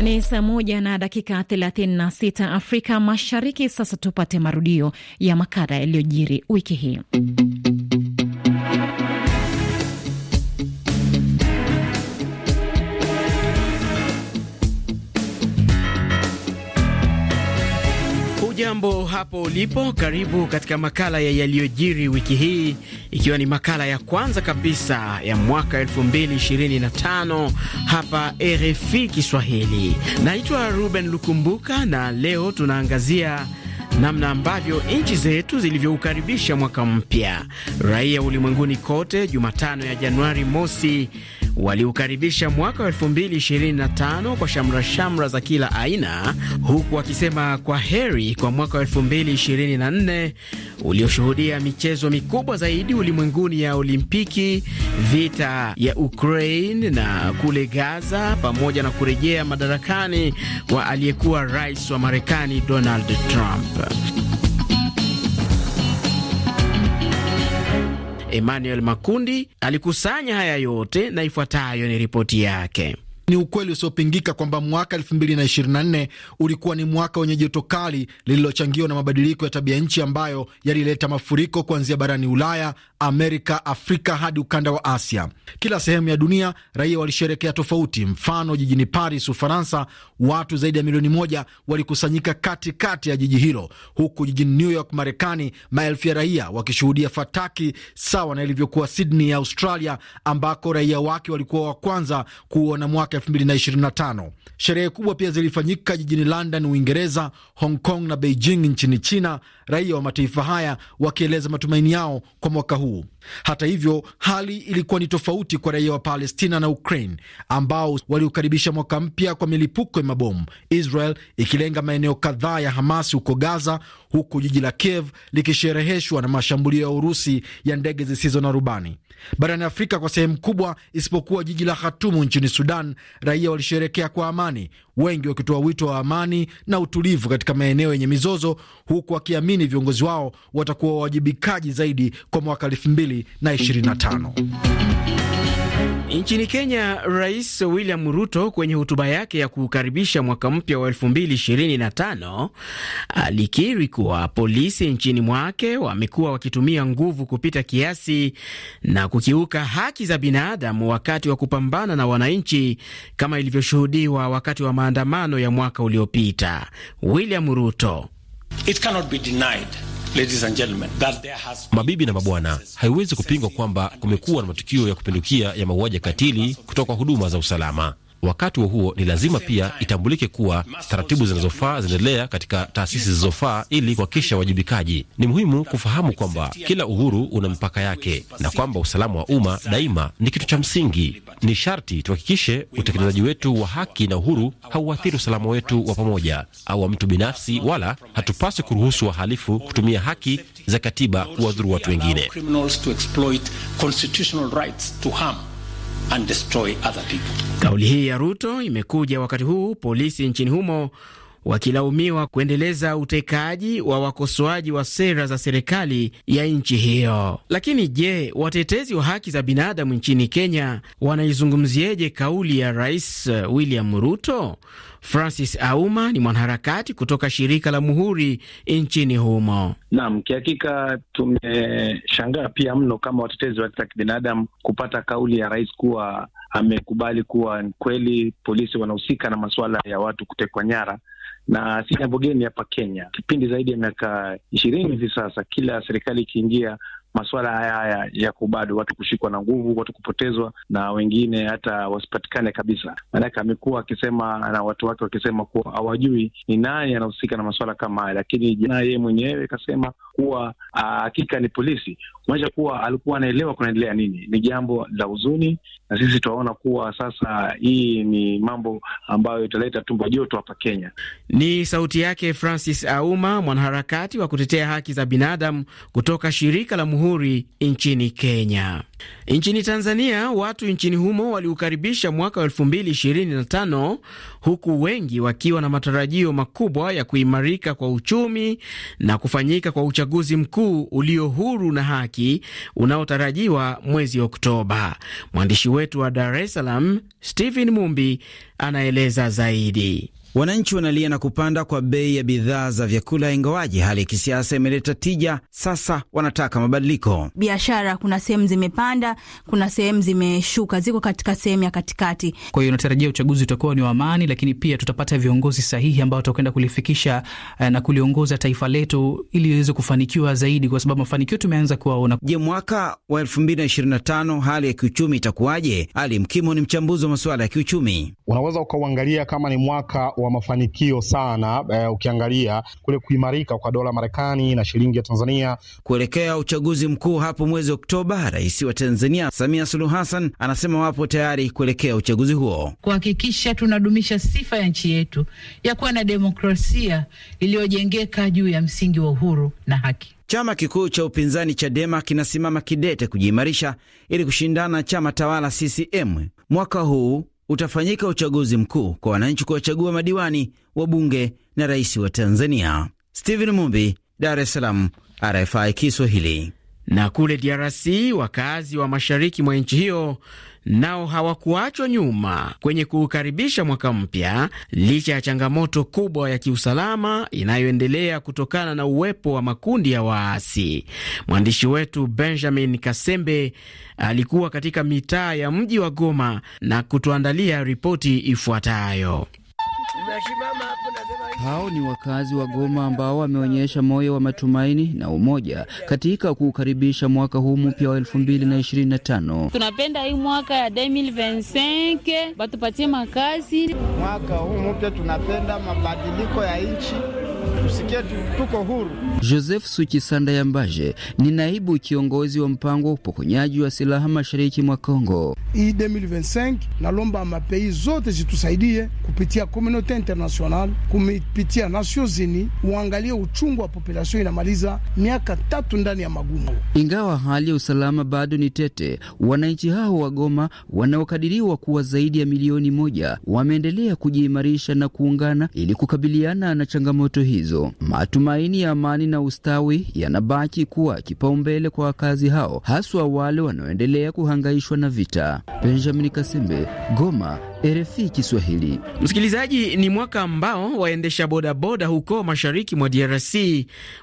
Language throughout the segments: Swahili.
Ni saa moja na dakika 36 Afrika Mashariki. Sasa tupate marudio ya makala yaliyojiri wiki hii. Jambo hapo ulipo, karibu katika makala ya yaliyojiri wiki hii, ikiwa ni makala ya kwanza kabisa ya mwaka 2025 hapa RFI Kiswahili. Naitwa Ruben Lukumbuka na leo tunaangazia namna ambavyo nchi zetu zilivyoukaribisha mwaka mpya. Raia ulimwenguni kote Jumatano ya Januari mosi waliukaribisha mwaka wa 2025 kwa shamra shamra za kila aina, huku wakisema kwa heri kwa mwaka wa 2024 ulioshuhudia michezo mikubwa zaidi ulimwenguni ya Olimpiki, vita ya Ukraine na kule Gaza, pamoja na kurejea madarakani wa aliyekuwa rais wa Marekani Donald Trump. Emmanuel Makundi alikusanya haya yote na ifuatayo ni ripoti yake. Ni ukweli usiopingika kwamba mwaka 2024 ulikuwa ni mwaka wenye joto kali lililochangiwa na mabadiliko ya tabia nchi ambayo yalileta mafuriko kuanzia barani Ulaya, Amerika, Afrika hadi ukanda wa Asia. Kila sehemu ya dunia raia walisherekea tofauti. Mfano, jijini Paris, Ufaransa, watu zaidi ya milioni moja walikusanyika katikati kati ya jiji hilo, huku jijini New York, Marekani, maelfu ya raia wakishuhudia fataki sawa na ilivyokuwa Sydney ya Australia, ambako raia wake walikuwa wa kwanza kuona mwaka 2025. Sherehe kubwa pia zilifanyika jijini London, Uingereza, Hong Kong na Beijing nchini China, raia wa mataifa haya wakieleza matumaini yao kwa mwaka huu. Hata hivyo, hali ilikuwa ni tofauti kwa raia wa Palestina na Ukraine ambao waliukaribisha mwaka mpya kwa milipuko ya mabomu, Israel ikilenga maeneo kadhaa ya Hamas huko Gaza, huku jiji la Kiev likishereheshwa na mashambulio ya Urusi ya ndege zisizo na rubani. Barani Afrika kwa sehemu kubwa, isipokuwa jiji la Khatumu nchini Sudan, raia walisherekea kwa amani, wengi wakitoa wito wa amani na utulivu katika maeneo yenye mizozo, huku wakiamini viongozi wao watakuwa wawajibikaji zaidi kwa mwaka 225 Nchini Kenya, Rais William Ruto kwenye hotuba yake ya kuukaribisha mwaka mpya wa 2025 alikiri kuwa polisi nchini mwake wamekuwa wakitumia nguvu kupita kiasi na kukiuka haki za binadamu wakati wa kupambana na wananchi, kama ilivyoshuhudiwa wakati wa maandamano ya mwaka uliopita. William Ruto: It cannot be denied. Mabibi na mabwana, haiwezi kupingwa kwamba kumekuwa na matukio ya kupindukia ya mauaji ya katili kutoka huduma za usalama. Wakati huo huo, ni lazima pia itambulike kuwa taratibu zinazofaa zinaendelea katika taasisi zilizofaa ili kuhakikisha wajibikaji. Ni muhimu kufahamu kwamba kila uhuru una mipaka yake na kwamba usalama wa umma daima ni kitu cha msingi. Ni sharti tuhakikishe utekelezaji wetu wa haki na uhuru hauathiri usalama wetu wa pamoja au wa mtu binafsi, wala hatupaswi kuruhusu wahalifu kutumia haki za katiba kuwadhuru watu wengine and destroy other people. Kauli hii ya Ruto imekuja wakati huu polisi nchini humo wakilaumiwa kuendeleza utekaji wa wakosoaji wa sera za serikali ya nchi hiyo. Lakini je, watetezi wa haki za binadamu nchini Kenya wanaizungumzieje kauli ya Rais uh, William Ruto? Francis Auma ni mwanaharakati kutoka shirika la Muhuri nchini humo. Naam, kihakika tumeshangaa pia mno kama watetezi wa haki za kibinadamu kupata kauli ya rais kuwa amekubali kuwa kweli polisi wanahusika na masuala ya watu kutekwa nyara na si jambo geni hapa Kenya. Kipindi zaidi ya miaka ishirini hivi sasa, kila serikali ikiingia masuala haya haya yako bado, watu kushikwa na nguvu, watu kupotezwa, na wengine hata wasipatikane kabisa. Maanake amekuwa akisema na watu wake wakisema kuwa hawajui ni nani anahusika na masuala kama haya, lakini jana yeye mwenyewe ikasema kuwa ah, hakika ni polisi kumaanisha kuwa alikuwa anaelewa kunaendelea nini. Ni jambo la huzuni, na sisi tunaona kuwa sasa hii ni mambo ambayo italeta tumbo joto hapa Kenya. Ni sauti yake Francis Auma, mwanaharakati wa kutetea haki za binadamu kutoka shirika la Muhuri nchini Kenya. Nchini Tanzania, watu nchini humo waliukaribisha mwaka wa 2025 huku wengi wakiwa na matarajio makubwa ya kuimarika kwa uchumi na kufanyika kwa uchaguzi mkuu ulio huru na haki mashariki unaotarajiwa mwezi Oktoba. Mwandishi wetu wa Dar es Salaam Stephen Mumbi anaeleza zaidi. Wananchi wanalia na kupanda kwa bei ya bidhaa za vyakula, ingawaji hali ya kisiasa imeleta tija. Sasa wanataka mabadiliko. Biashara kuna sehemu zimepanda, kuna sehemu zimeshuka, ziko katika sehemu ya katikati. Kwa hiyo natarajia uchaguzi utakuwa ni wa amani, lakini pia tutapata viongozi sahihi ambao watakwenda kulifikisha eh, na kuliongoza taifa letu ili iweze kufanikiwa zaidi, kwa sababu mafanikio tumeanza kuwaona. Je, mwaka wa 2025 hali ya kiuchumi itakuwaje? Ali Mkimo ni mchambuzi wa masuala ya kiuchumi. Unaweza ukauangalia kama ni mwaka wa wa mafanikio sana e, ukiangalia kule kuimarika kwa dola Marekani na shilingi ya Tanzania kuelekea uchaguzi mkuu hapo mwezi Oktoba. Rais wa Tanzania Samia Suluhu Hassan anasema wapo tayari kuelekea uchaguzi huo kuhakikisha tunadumisha sifa ya nchi yetu ya kuwa na demokrasia iliyojengeka juu ya msingi wa uhuru na haki. Chama kikuu cha upinzani Chadema kinasimama kidete kujiimarisha ili kushindana chama tawala CCM mwaka huu utafanyika uchaguzi mkuu kwa wananchi kuwachagua madiwani, wabunge na rais wa Tanzania. Stephen Mumbi, Dar es Salaam, RFI Kiswahili. Na kule DRC wakazi wa mashariki mwa nchi hiyo nao hawakuachwa nyuma kwenye kuukaribisha mwaka mpya licha ya changamoto kubwa ya kiusalama inayoendelea kutokana na uwepo wa makundi ya waasi. Mwandishi wetu Benjamin Kasembe alikuwa katika mitaa ya mji wa Goma na kutuandalia ripoti ifuatayo. Hao ni wakazi wa Goma ambao wameonyesha moyo wa matumaini na umoja katika kuukaribisha mwaka huu mpya wa 2025. Tunapenda hii mwaka ya 2025 batupatie makazi. Mwaka huu mpya tunapenda mabadiliko ya nchi tusikie tuko huru. Joseph Sukisanda Yambaje ni naibu kiongozi wa mpango wa upokonyaji wa silaha mashariki mwa Kongo. Hii 2025 nalomba mapei zote zitusaidie kupitia community international, kupitia Nations Unies, uangalie uchungu wa population inamaliza miaka tatu ndani ya magumu. Ingawa hali ya usalama bado ni tete, wananchi hao wa Goma wanaokadiriwa kuwa zaidi ya milioni moja wameendelea kujiimarisha na kuungana ili kukabiliana na changamoto hii hizo. Matumaini ya amani na ustawi yanabaki kuwa kipaumbele kwa wakazi hao, haswa wale wanaoendelea kuhangaishwa na vita. Benjamin Kasembe, Goma, RFI Kiswahili. Msikilizaji, ni mwaka ambao waendesha bodaboda huko mashariki mwa DRC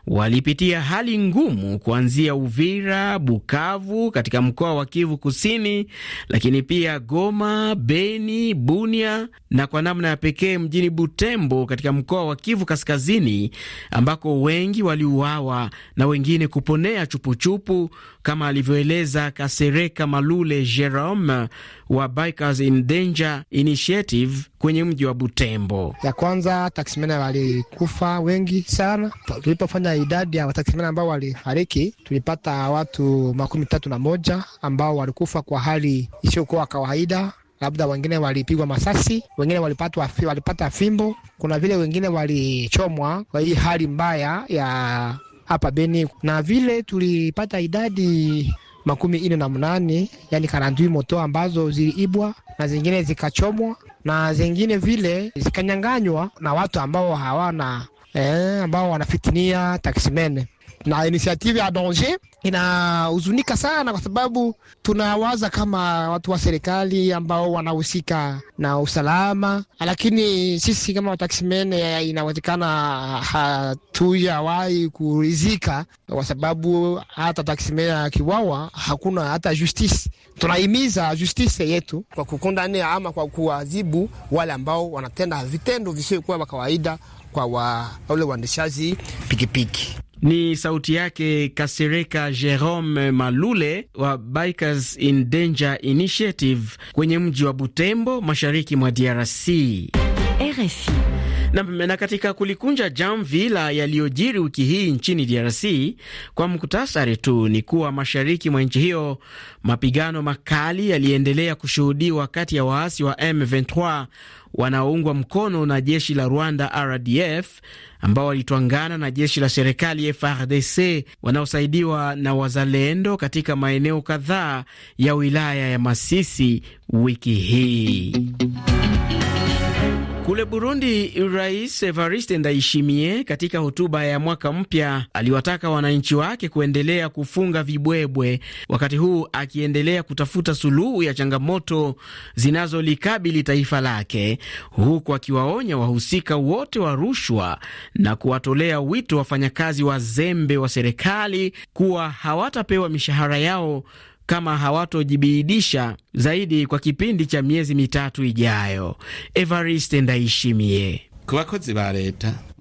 walipitia hali ngumu kuanzia Uvira, Bukavu katika mkoa wa Kivu Kusini, lakini pia Goma, Beni, Bunia na kwa namna ya pekee mjini Butembo katika mkoa wa Kivu Kaskazini ambako wengi waliuawa na wengine kuponea chupuchupu kama alivyoeleza Kasereka Malule Jerome wa Bikers in Danger Initiative kwenye mji wa Butembo. Ya kwanza taksimena walikufa wengi sana. Tulipofanya idadi ya wataksimena ambao walifariki, tulipata watu makumi tatu na moja ambao walikufa kwa hali isiyokuwa kawaida labda wengine walipigwa masasi, wengine walipata walipata fimbo, kuna vile wengine walichomwa kwa hii hali mbaya ya hapa Beni, na vile tulipata idadi makumi ine na mnane yani karandui moto ambazo ziliibwa na zingine zikachomwa na zingine vile zikanyanganywa na watu ambao hawana eh, ambao wanafitinia taksimene na inisiative ya Danger inahuzunika sana, kwa sababu tunawaza kama watu wa serikali ambao wanahusika na usalama, lakini sisi kama wataksimen eh, inawezekana hatuyawahi kurizika, kwa sababu hata taksimen akiwawa hakuna hata justice. Tunahimiza justice yetu kwa kukundania ama kwa kuwaadhibu wale ambao wanatenda vitendo visivyokuwa vya kawaida kwa wale waendeshaji pikipiki. Ni sauti yake Kasereka Jerome Malule wa Bikers in Danger Initiative kwenye mji wa Butembo, mashariki mwa DRC. RFI na, na katika kulikunja jamvi la yaliyojiri wiki hii nchini DRC kwa mkutasari tu ni kuwa mashariki mwa nchi hiyo mapigano makali yaliendelea kushuhudiwa kati ya waasi wa M23 wanaoungwa mkono na jeshi la Rwanda RDF ambao walitwangana na jeshi la serikali frdc wanaosaidiwa na wazalendo katika maeneo kadhaa ya wilaya ya Masisi wiki hii. Kule Burundi, Rais Evariste Ndayishimiye katika hotuba ya mwaka mpya aliwataka wananchi wake kuendelea kufunga vibwebwe, wakati huu akiendelea kutafuta suluhu ya changamoto zinazolikabili taifa lake, huku akiwaonya wahusika wote wa rushwa na kuwatolea wito wafanyakazi wazembe wa serikali kuwa hawatapewa mishahara yao kama hawatojibiidisha zaidi kwa kipindi cha miezi mitatu ijayo. Evariste Ndaishimie.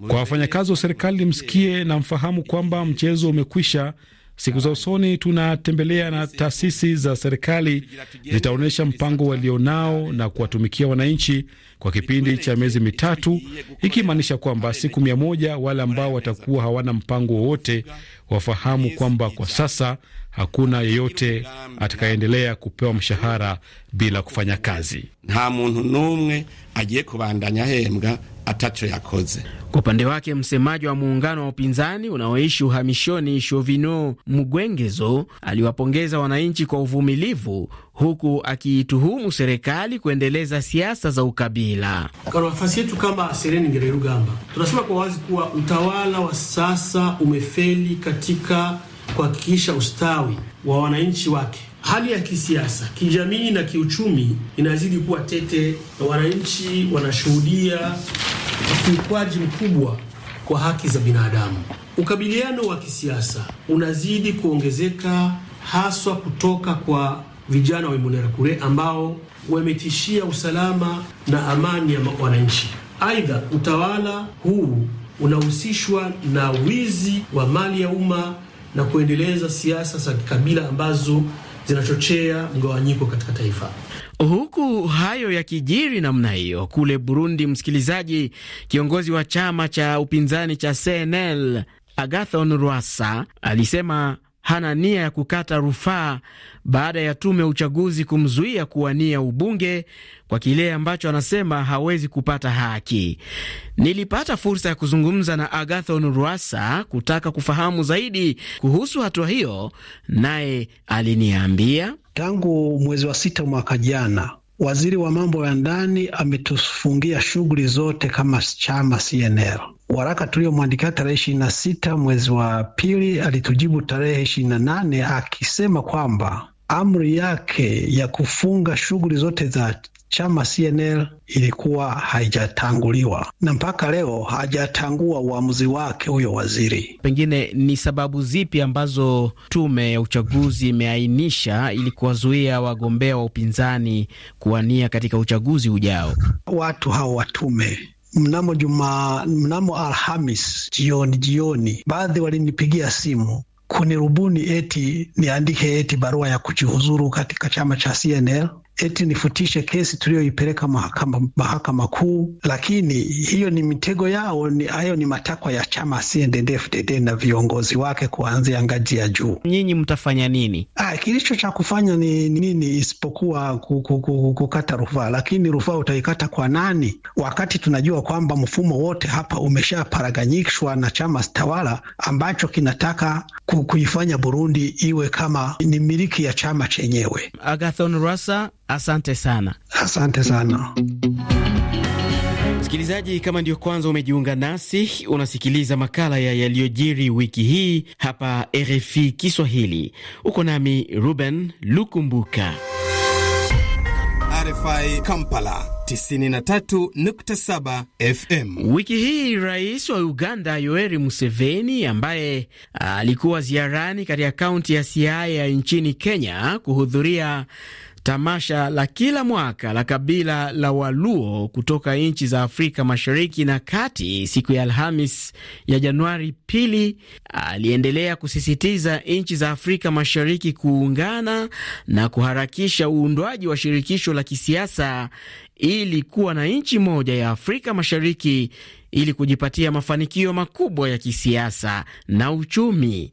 Kwa wafanyakazi wa serikali, msikie na mfahamu kwamba mchezo umekwisha. Siku za usoni tunatembelea na taasisi za serikali zitaonyesha mpango walionao na kuwatumikia wananchi kwa kipindi cha miezi mitatu, ikimaanisha kwamba siku mia moja wale ambao watakuwa hawana mpango wowote wafahamu kwamba kwa sasa hakuna yeyote atakayeendelea kupewa mshahara bila kufanya kazi. nta muntu n'umwe agiye kubandanya ahembwa atacho yakoze. Kwa upande wake msemaji wa muungano wa upinzani unaoishi uhamishoni Shovino Mugwengezo aliwapongeza wananchi kwa uvumilivu huku akiituhumu serikali kuendeleza siasa za ukabila. Kwa nafasi yetu kama Sereni Ngere Rugamba, tunasema kwa wazi kuwa utawala wa sasa umefeli katika kuhakikisha ustawi wa wananchi wake. Hali ya kisiasa, kijamii na kiuchumi inazidi kuwa tete, na wananchi wanashuhudia ukiukwaji mkubwa kwa haki za binadamu. Ukabiliano wa kisiasa unazidi kuongezeka, haswa kutoka kwa vijana wa kure ambao wametishia usalama na amani ya wananchi. Aidha, utawala huu unahusishwa na wizi wa mali ya umma na kuendeleza siasa za kikabila ambazo zinachochea mgawanyiko katika taifa. Huku hayo yakijiri namna hiyo, kule Burundi, msikilizaji, kiongozi wa chama cha upinzani cha CNL Agathon Rwasa alisema hana nia ya kukata rufaa baada ya tume ya uchaguzi kumzuia kuwania ubunge kwa kile ambacho anasema hawezi kupata haki. Nilipata fursa ya kuzungumza na Agathon Rwasa kutaka kufahamu zaidi kuhusu hatua hiyo, naye aliniambia tangu mwezi wa sita mwaka jana waziri wa mambo ya ndani ametufungia shughuli zote kama chama CNL waraka tuliyomwandikia tarehe ishirini na sita mwezi wa pili alitujibu tarehe ishirini na nane akisema kwamba amri yake ya kufunga shughuli zote za chama CNL ilikuwa haijatanguliwa na mpaka leo hajatangua uamuzi wake huyo waziri. Pengine ni sababu zipi ambazo tume ya uchaguzi imeainisha ili kuwazuia wagombea wa upinzani kuwania katika uchaguzi ujao? Watu hao wa tume mnamo juma, mnamo Alhamis jioni jioni, baadhi walinipigia simu kunirubuni eti niandike eti barua ya kujihuzuru katika chama cha CNL eti nifutishe kesi tuliyoipeleka mahakama, mahakama kuu. Lakini hiyo ni mitego yao, ni hayo ni matakwa ya chama CNDD-FDD na viongozi wake kuanzia ngazi ya juu. Nyinyi mtafanya nini? Ah, kilicho cha kufanya ni nini isipokuwa kukata rufaa, lakini rufaa utaikata kwa nani wakati tunajua kwamba mfumo wote hapa umeshaparaganyishwa na chama tawala ambacho kinataka kuifanya Burundi iwe kama ni miliki ya chama chenyewe. Agathon Rasa Asante sana, asante sana. Msikilizaji, kama ndiyo kwanza umejiunga nasi, unasikiliza makala ya yaliyojiri wiki hii hapa RFI Kiswahili. Uko nami Ruben Lukumbuka. RFI Kampala 93.7 FM. Wiki hii rais wa Uganda Yoweri Museveni ambaye alikuwa ziarani katika kaunti ya Siaya nchini Kenya kuhudhuria tamasha la kila mwaka la kabila la Waluo kutoka nchi za Afrika Mashariki na Kati siku ya Alhamis ya Januari pili, aliendelea kusisitiza nchi za Afrika Mashariki kuungana na kuharakisha uundwaji wa shirikisho la kisiasa ili kuwa na nchi moja ya Afrika Mashariki ili kujipatia mafanikio makubwa ya kisiasa na uchumi.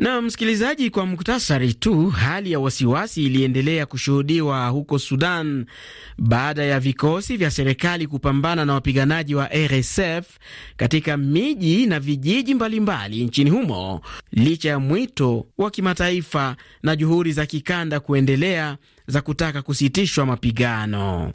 Na msikilizaji, kwa muktasari tu, hali ya wasiwasi iliendelea kushuhudiwa huko Sudan baada ya vikosi vya serikali kupambana na wapiganaji wa RSF katika miji na vijiji mbalimbali mbali nchini humo, licha ya mwito wa kimataifa na juhudi za kikanda kuendelea za kutaka kusitishwa mapigano.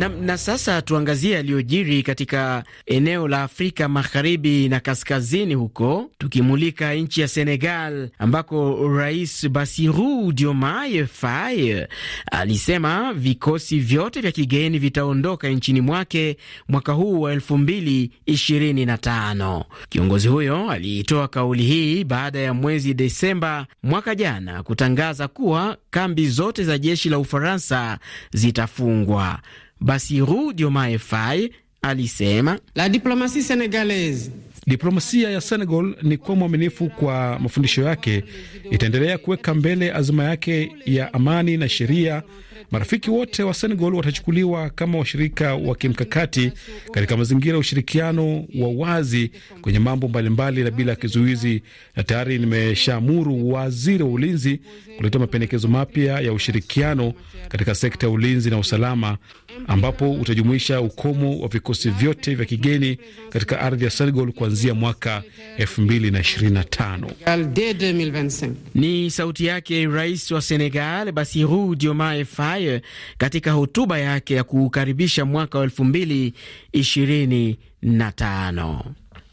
Na, na sasa tuangazie yaliyojiri katika eneo la Afrika magharibi na kaskazini huko, tukimulika nchi ya Senegal ambako Rais Bassirou Diomaye Faye alisema vikosi vyote vya kigeni vitaondoka nchini mwake mwaka huu wa 2025. Kiongozi huyo aliitoa kauli hii baada ya mwezi Desemba mwaka jana kutangaza kuwa kambi zote za jeshi la Ufaransa zitafungwa basi Diomaye Faye alisema la diplomasi senegalese Diplomasia ya Senegal ni kuwa mwaminifu kwa mafundisho yake, itaendelea kuweka mbele azima yake ya amani na sheria Marafiki wote wa Senegal watachukuliwa kama washirika wa kimkakati katika mazingira ya ushirikiano wa wazi kwenye mambo mbalimbali na bila kizuizi, na tayari nimeshaamuru waziri wa ulinzi kuleta mapendekezo mapya ya ushirikiano katika sekta ya ulinzi na usalama, ambapo utajumuisha ukomo wa vikosi vyote vya kigeni katika ardhi ya Senegal kuanzia mwaka 2025. Ni sauti yake rais wa Senegal Bassirou Diomaye Faye hayo eh, katika hotuba yake ya kukaribisha mwaka wa elfu mbili ishirini na tano.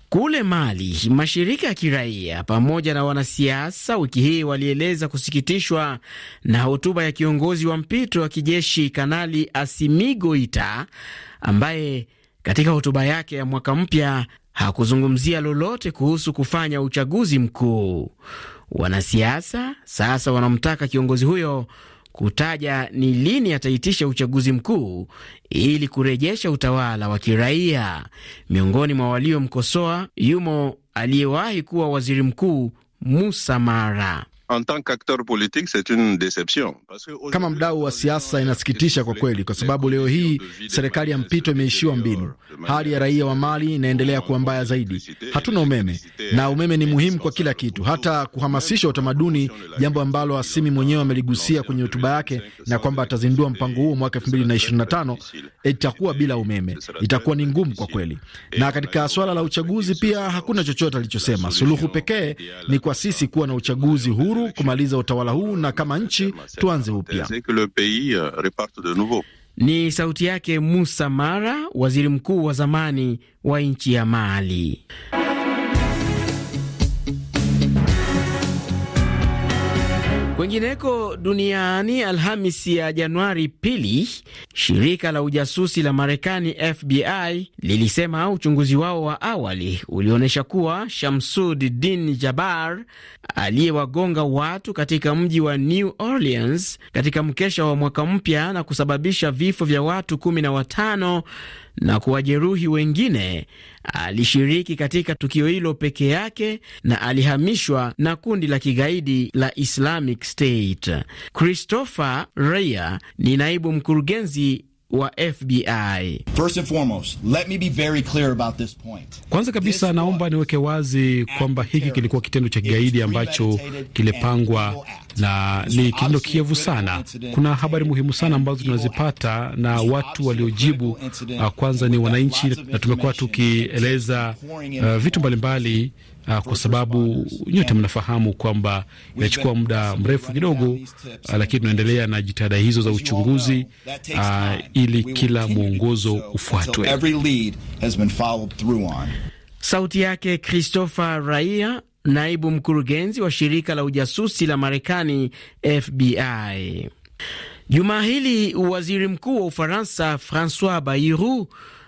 Kule Mali, mashirika ya kiraia pamoja na wanasiasa wiki hii walieleza kusikitishwa na hotuba ya kiongozi wa mpito wa kijeshi Kanali asimigoita Goita, ambaye katika hotuba yake ya mwaka mpya hakuzungumzia lolote kuhusu kufanya uchaguzi mkuu. Wanasiasa sasa wanamtaka kiongozi huyo kutaja ni lini ataitisha uchaguzi mkuu ili kurejesha utawala wa kiraia. Miongoni mwa waliomkosoa yumo aliyewahi kuwa waziri mkuu Musa Mara. Kama mdau wa siasa, inasikitisha kwa kweli, kwa sababu leo hii serikali ya mpito imeishiwa mbinu. Hali ya raia wa Mali inaendelea kuwa mbaya zaidi. Hatuna umeme, na umeme ni muhimu kwa kila kitu, hata kuhamasisha utamaduni, jambo ambalo Asimi mwenyewe ameligusia kwenye hotuba yake, na kwamba atazindua mpango huo mwaka 2025. Itakuwa bila umeme, itakuwa ni ngumu kwa kweli. Na katika swala la uchaguzi pia hakuna chochote alichosema. Suluhu pekee ni kwa sisi kuwa na uchaguzi huru huru kumaliza utawala huu na kama nchi tuanze upya. Ni sauti yake Musa Mara, waziri mkuu wa zamani wa nchi ya Mali. Kwingineko duniani, Alhamisi ya Januari pili, shirika la ujasusi la Marekani FBI lilisema uchunguzi wao wa awali ulionyesha kuwa Shamsud Din jabar aliyewagonga watu katika mji wa New Orleans katika mkesha wa mwaka mpya na kusababisha vifo vya watu 15 na kuwajeruhi wengine alishiriki katika tukio hilo peke yake na alihamishwa na kundi la kigaidi la Islamic State. Christopher Reya ni naibu mkurugenzi wa FBI. First and foremost, let me be very clear about this point. Kwanza kabisa naomba niweke wazi kwamba hiki kilikuwa kitendo cha kigaidi ambacho kilipangwa na ni kitendo kievu sana. Kuna habari muhimu sana ambazo tunazipata na watu waliojibu, uh, kwanza ni wananchi, na tumekuwa tukieleza uh, vitu mbalimbali mbali Ah, kwa sababu nyote mnafahamu kwamba inachukua muda mrefu kidogo ah, lakini tunaendelea na jitihada hizo za uchunguzi uh, ili kila mwongozo ufuatwe. Sauti yake Christopher Raia, naibu mkurugenzi wa shirika la ujasusi la Marekani FBI. Jumaa hili waziri mkuu wa Ufaransa Francois Bayrou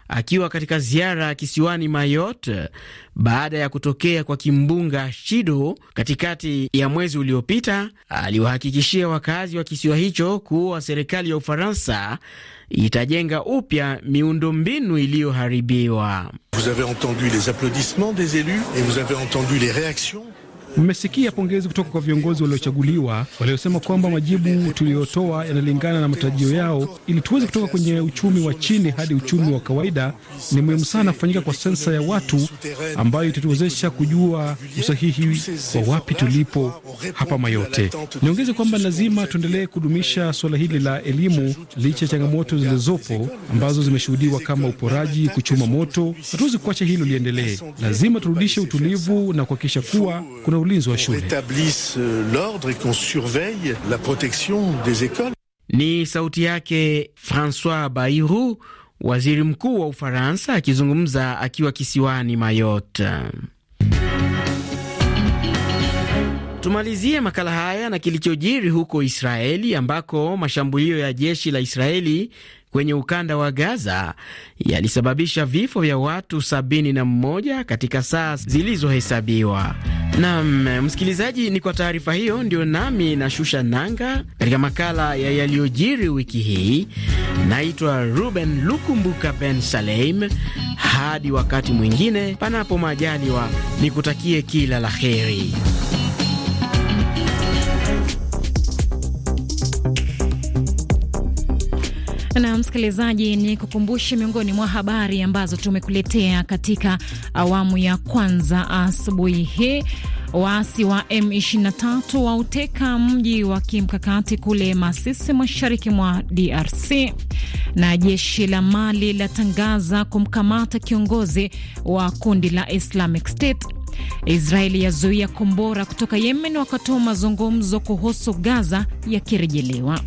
akiwa katika ziara kisiwani Mayotte baada ya kutokea kwa kimbunga Chido katikati ya mwezi uliopita, aliwahakikishia wakazi wa kisiwa hicho kuwa serikali ya Ufaransa itajenga upya miundombinu iliyoharibiwa. Mmesikia pongezi kutoka kwa viongozi waliochaguliwa waliosema kwamba majibu tuliyotoa yanalingana na matarajio yao. Ili tuweze kutoka kwenye uchumi wa chini hadi uchumi wa kawaida, ni muhimu sana kufanyika kwa sensa ya watu ambayo itatuwezesha kujua usahihi wa wapi tulipo hapa Mayote. Niongeze kwamba lazima tuendelee kudumisha suala hili la elimu licha ya changamoto zilizopo ambazo zimeshuhudiwa kama uporaji, kuchuma moto. Hatuwezi kuacha hilo liendelee. Lazima turudishe utulivu na kuhakikisha kuwa kuna ulinzi wa shule. Ni sauti yake Francois Bayrou, waziri mkuu wa Ufaransa, akizungumza akiwa kisiwani Mayotte. Tumalizie makala haya na kilichojiri huko Israeli ambako mashambulio ya jeshi la Israeli kwenye ukanda wa Gaza yalisababisha vifo vya watu 71 katika saa zilizohesabiwa. Nam msikilizaji, ni kwa taarifa hiyo ndio nami na shusha nanga katika makala ya yaliyojiri wiki hii. Naitwa Ruben Lukumbuka Ben Salem. Hadi wakati mwingine, panapo majaliwa, nikutakie kila la heri. msikilizaji, ni kukumbushe miongoni mwa habari ambazo tumekuletea katika awamu ya kwanza asubuhi hii. Waasi wa M23 wauteka mji wa kimkakati kule Masisi, mashariki mwa DRC, na jeshi la Mali latangaza kumkamata kiongozi wa kundi la Islamic State. Israeli yazuia kombora kutoka Yemen, wakati wa mazungumzo kuhusu Gaza yakirejelewa.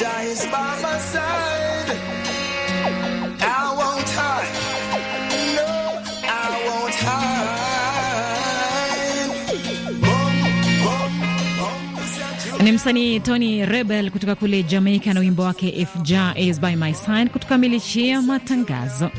Jah is by my side. I won't hide. No, I won't hide. Ni msanii Tony Rebel kutoka kule Jamaica na wimbo wake If Jah is by my side kutukamilishia matangazo.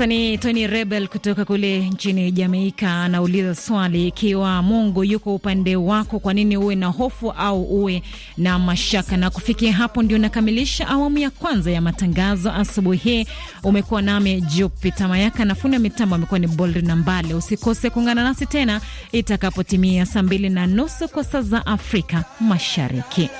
Msanii Tony Rebel kutoka kule nchini Jamaika anauliza swali, ikiwa Mungu yuko upande wako, kwa nini uwe na hofu au uwe na mashaka? Na kufikia hapo ndio nakamilisha awamu ya kwanza ya matangazo asubuhi hii. Umekuwa nami Jupita Mayaka na fundi mitambo amekuwa ni Bold na Mbale. Usikose kuungana nasi tena itakapotimia saa mbili na nusu kwa saa za Afrika Mashariki.